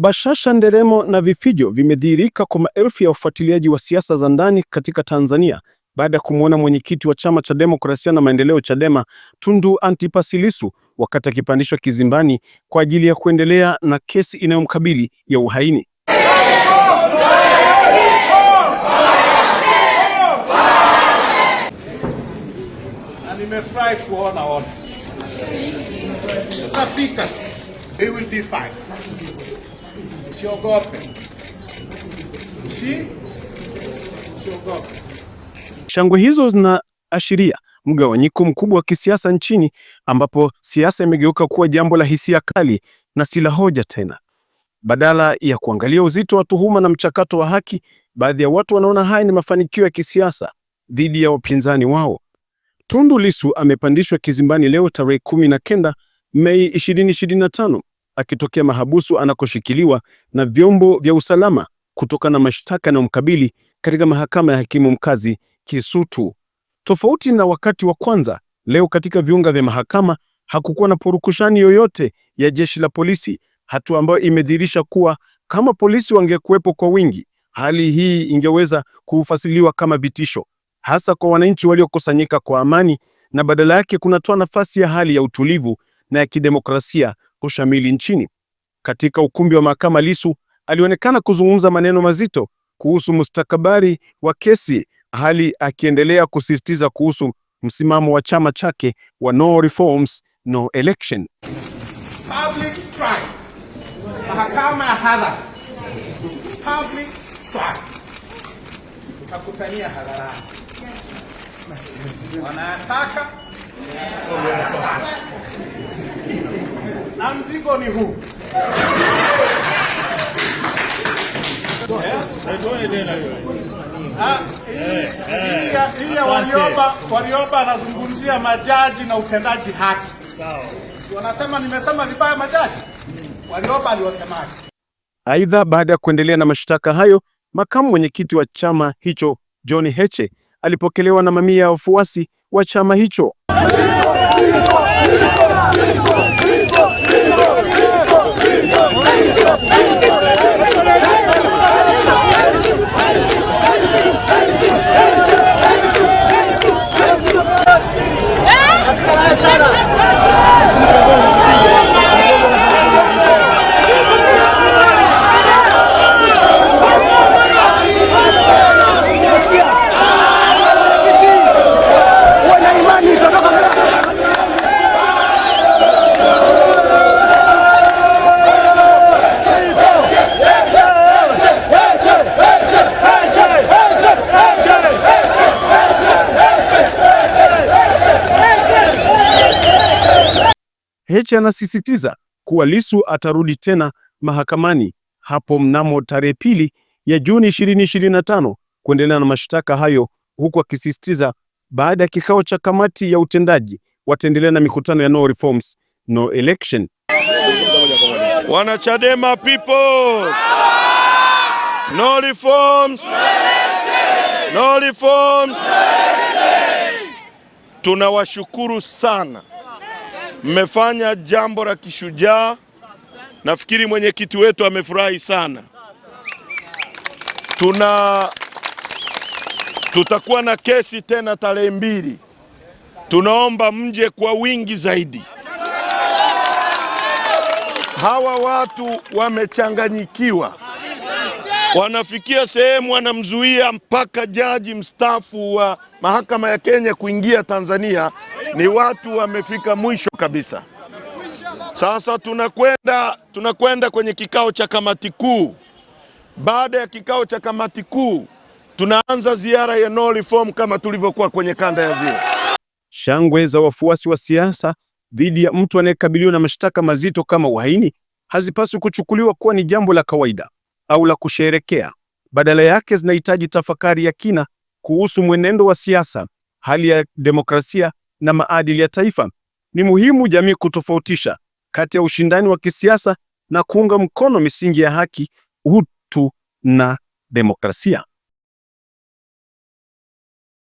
Bashasha, nderemo na vifijo vimedhihirika kwa maelfu ya wafuatiliaji wa siasa za ndani katika Tanzania baada ya kumwona mwenyekiti wa chama cha demokrasia na maendeleo Chadema Tundu Antipas Lissu wakati akipandishwa kizimbani kwa ajili ya kuendelea na kesi inayomkabili ya uhaini. nimefurahi kuona wote. Msiogope, msi msiogope. Shangwe hizo zinaashiria mgawanyiko mkubwa wa kisiasa nchini ambapo siasa imegeuka kuwa jambo la hisia kali na si la hoja tena. Badala ya kuangalia uzito wa tuhuma na mchakato wa haki, baadhi ya watu wanaona haya ni mafanikio ya kisiasa dhidi ya wapinzani wao. Tundu Lissu amepandishwa kizimbani leo tarehe 19 Mei 2025 akitokea mahabusu anakoshikiliwa na vyombo vya usalama kutokana na mashtaka yanayomkabili katika mahakama ya hakimu mkazi Kisutu. Tofauti na wakati wa kwanza, leo katika viunga vya mahakama hakukuwa na purukushani yoyote ya jeshi la polisi, hatua ambayo imedhihirisha kuwa kama polisi wangekuwepo kwa wingi, hali hii ingeweza kufasiliwa kama vitisho, hasa kwa wananchi waliokusanyika kwa amani, na badala yake kunatoa nafasi ya hali ya utulivu na ya kidemokrasia ushamili nchini. Katika ukumbi wa mahakama, Lissu alionekana kuzungumza maneno mazito kuhusu mustakabali wa kesi, hali akiendelea kusisitiza kuhusu msimamo wa chama chake wa no reforms no election. Public trial. Mahakama ya hadhara. Public trial. Tukakutania hadharani. Wanataka na mzigo ni huu. Ili Warioba, Warioba anazungumzia majaji na utendaji haki. Wanasema nimesema vibaya majaji. Warioba aliwasemaje? Aidha, baada ya kuendelea na mashtaka hayo, makamu mwenyekiti wa chama hicho John Heche alipokelewa na mamia ya wafuasi wa chama hicho. Heche anasisitiza kuwa Lissu atarudi tena mahakamani hapo mnamo tarehe pili ya Juni 2025 kuendelea na mashtaka hayo, huku akisisitiza baada ya kikao cha kamati ya utendaji wataendelea na mikutano ya no reforms no election. Wanachadema people, no reforms no reforms. Tunawashukuru sana Mmefanya jambo la kishujaa, nafikiri mwenyekiti wetu amefurahi sana. Tuna tutakuwa na kesi tena tarehe mbili, tunaomba mje kwa wingi zaidi. Hawa watu wamechanganyikiwa, wanafikia sehemu wanamzuia mpaka jaji mstaafu wa mahakama ya Kenya kuingia Tanzania ni watu wamefika mwisho kabisa. Sasa tunakwenda tunakwenda kwenye kikao cha kamati kuu. Baada ya kikao cha kamati kuu, tunaanza ziara ya no reform kama tulivyokuwa kwenye kanda ya Ziwa. Shangwe za wafuasi wa siasa dhidi ya mtu anayekabiliwa na mashtaka mazito kama uhaini hazipaswi kuchukuliwa kuwa ni jambo la kawaida au la kusherekea. Badala yake zinahitaji tafakari ya kina kuhusu mwenendo wa siasa, hali ya demokrasia na maadili ya taifa. Ni muhimu jamii kutofautisha kati ya ushindani wa kisiasa na kuunga mkono misingi ya haki, utu na demokrasia.